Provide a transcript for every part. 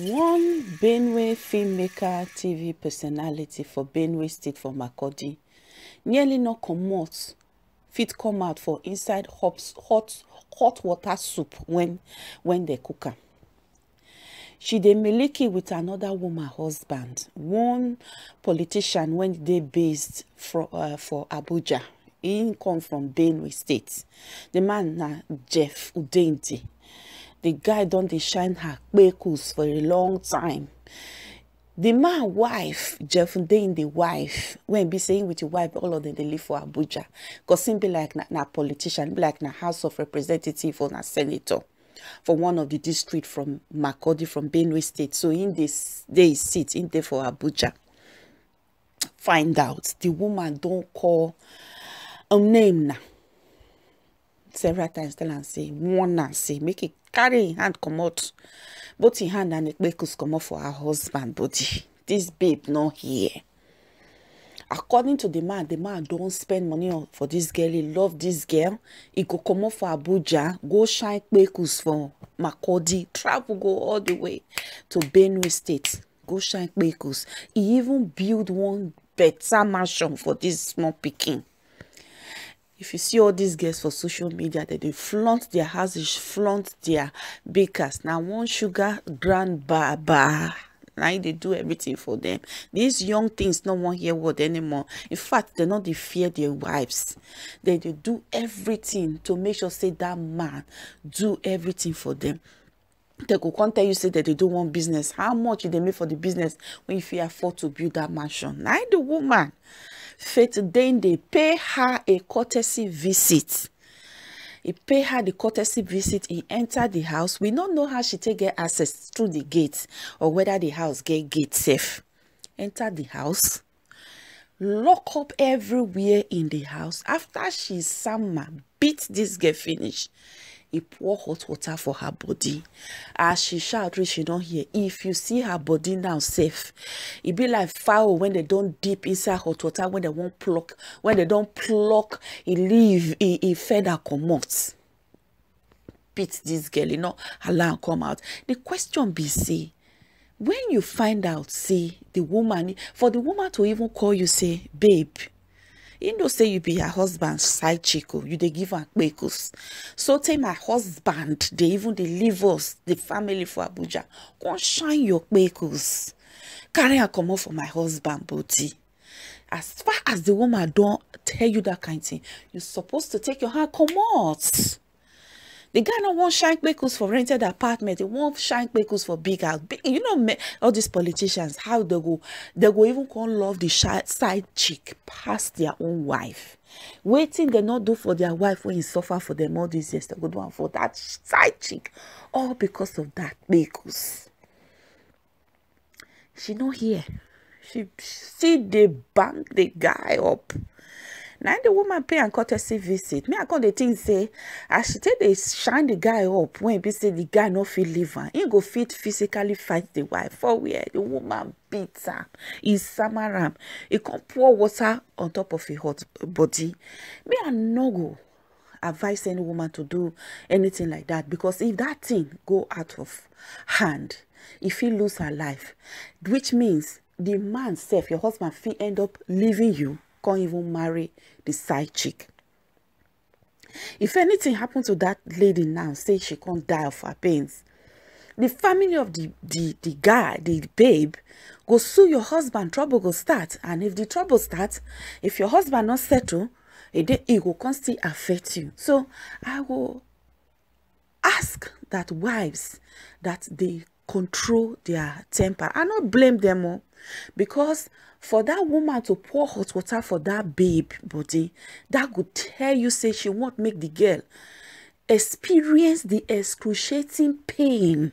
One Benue filmmaker TV personality for Benue State for Makurdi nearly no comot fit come out for inside hot hot hot water soup when when they cook am. she dey miliki with another woman husband one politician wey dey based for, uh, for abuja im come from benue state The man na jeff udenti the guy don't shine her kpekus for a long time the man wife dey in the wife when be saying with the wife all of them they live for abuja cos him be like na politician be like na house of representative or na senator for one of the district from Makodi from Benue State. So in this they sit in there for Abuja. Find out the woman don't call a um, name now. several times tell am say warn am say make e carry im hand comot both im hand and ekpekus comot for her husband body This babe no hear according to the man the man don spend money on, for this girl he love this girl he go comot for abuja go shine kpekus for makurdi travel go all the way to benue state go shine kpekus he even build one better mansion for this small pikin if you see all these girls for social media that they flaunt their houses flaunt their bakers now one sugar grand bar bar like they do everything for them these young things no one hear word anymore in fact they not they fear their wives they, they do everything to make sure say that man do everything for them they go come tell you say that they do one business how much they make for the business when if you afford to build that mansion Now the woman Faith they pay her a courtesy visit. He pay her the courtesy visit. He enter the house. We don't know how she take get access through the gate or whether the house get gate safe. Enter the house lock up everywhere in the house. After she Sama beat this girl finish, he pour hot water for her body. As she shout, reach she don't hear. If you see her body now safe, it e be like fowl when they don't dip inside hot water, when they won't pluck, when they don't pluck, it e leave, it, e, it feather commotes. Beat this girl, you know, allow come out. The question be see, when you find out say the woman for the woman to even call you say babe you know say you be her husband side chick you dey give her kpekos so tell my husband dey even dey leave us the family for abuja come shine your kpekos carry am comot for my husband body as far as the woman don tell you that kind thing you suppose to take your hand comot. the guy no want shine kpekus for rented apartment he want shine kpekus for big house you know all these politicians how they go they go even call love the side chick past their own wife Waiting, they not do for their wife when he suffer for dem all these years dem go do one for that side chick all because of that kpekus she no here. she see the bang the guy up now the woman pay am courtesy visit me i come the think say as she take the shine the guy up when be say the guy no fit leave he go fit physically fight the wife for where the woman beat him, he samar am he come pour water on top of a hot body me i no go advise any woman to do anything like that because if that thing go out of hand if he lose her life which means the man safe your husband fee end up leaving you can't even marry the side chick. If anything happened to that lady now, say she can't die of her pains, the family of the, the, the guy, the babe, go sue your husband, trouble go start. And if the trouble starts, if your husband not settle, it, it will constantly affect you. So I will ask that wives that they control their temper. I not blame them all. Because for that woman to pour hot water for that babe body, that would tell you say she won't make the girl experience the excruciating pain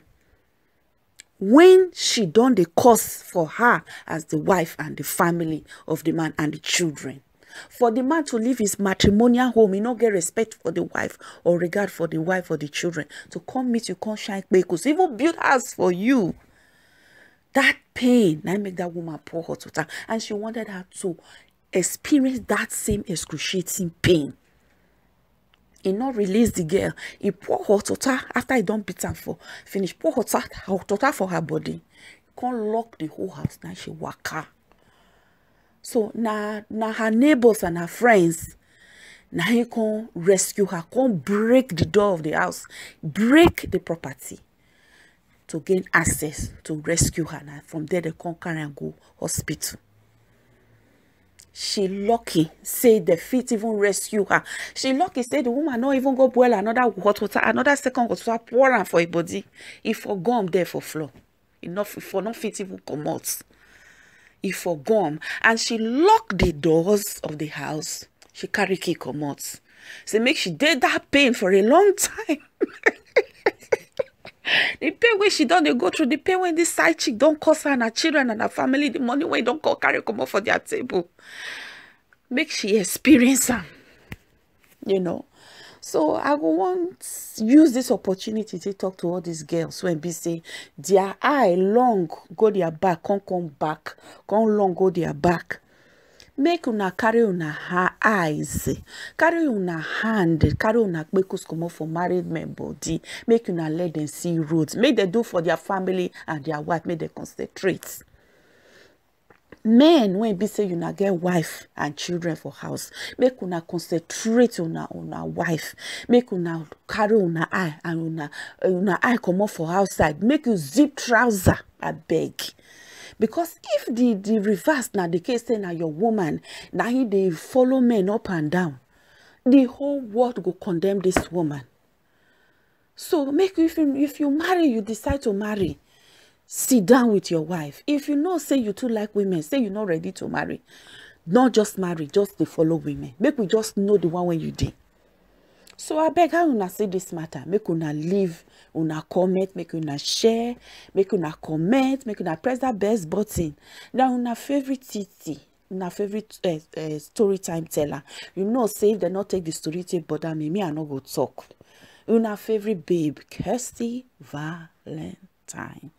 when she done the cause for her as the wife and the family of the man and the children. For the man to leave his matrimonial home, he not get respect for the wife or regard for the wife or the children. To come meet you, come shine because even build house for you. That pain that make that woman pour hot water. And she wanted her to experience that same excruciating pain. He not release the girl. He pour hot water after he done beat her for finish. Pour hot water, hot water for her body. Can't lock the whole house. Now she waka. So now, now her neighbors and her friends, now he can rescue her, can break the door of the house, break the property to gain access to rescue her. And from there, they come carry and go hospital. She lucky say the feet even rescue her. She lucky say the woman not even go boil another hot water, another second hot water pour am for a body. If for gum there for floor. Enough for not fit even come out. If for gum and she lock the doors of the house. She carry key come out. Say make she did that pain for a long time the pain when she don't they go through the pain when this side chick don't cause her and her children and her family the money when don't call carry up for their table make she experience them. you know so i will want use this opportunity to talk to all these girls when be say their eye long go their back come come back come long go their back make una carry una eyes carry una hand carry una kpekus comot for married men body make una let dem see road make dem do for their family and their wife make dem concentrate men wey be say una get wife and children for house make una concentrate una una wife make una carry una eye and una una eye comot for outside make you zip trouser abeg because if the the reverse na the case say na your woman na he dey follow men up and down the whole world go condemn this woman so make if you if you marry you decide to marry sit down with your wife if you know say you too like women say you no ready to marry not just marry just dey follow women make we just know the one wey you dey so abeg how una see dis matter make una leave una comment make una share make una comment make una press dat best button na una favourite tt na favorite uh, uh, story time teller you know say if dem no take the story take bother me me i no go talk una favorite babe kirsty valentine.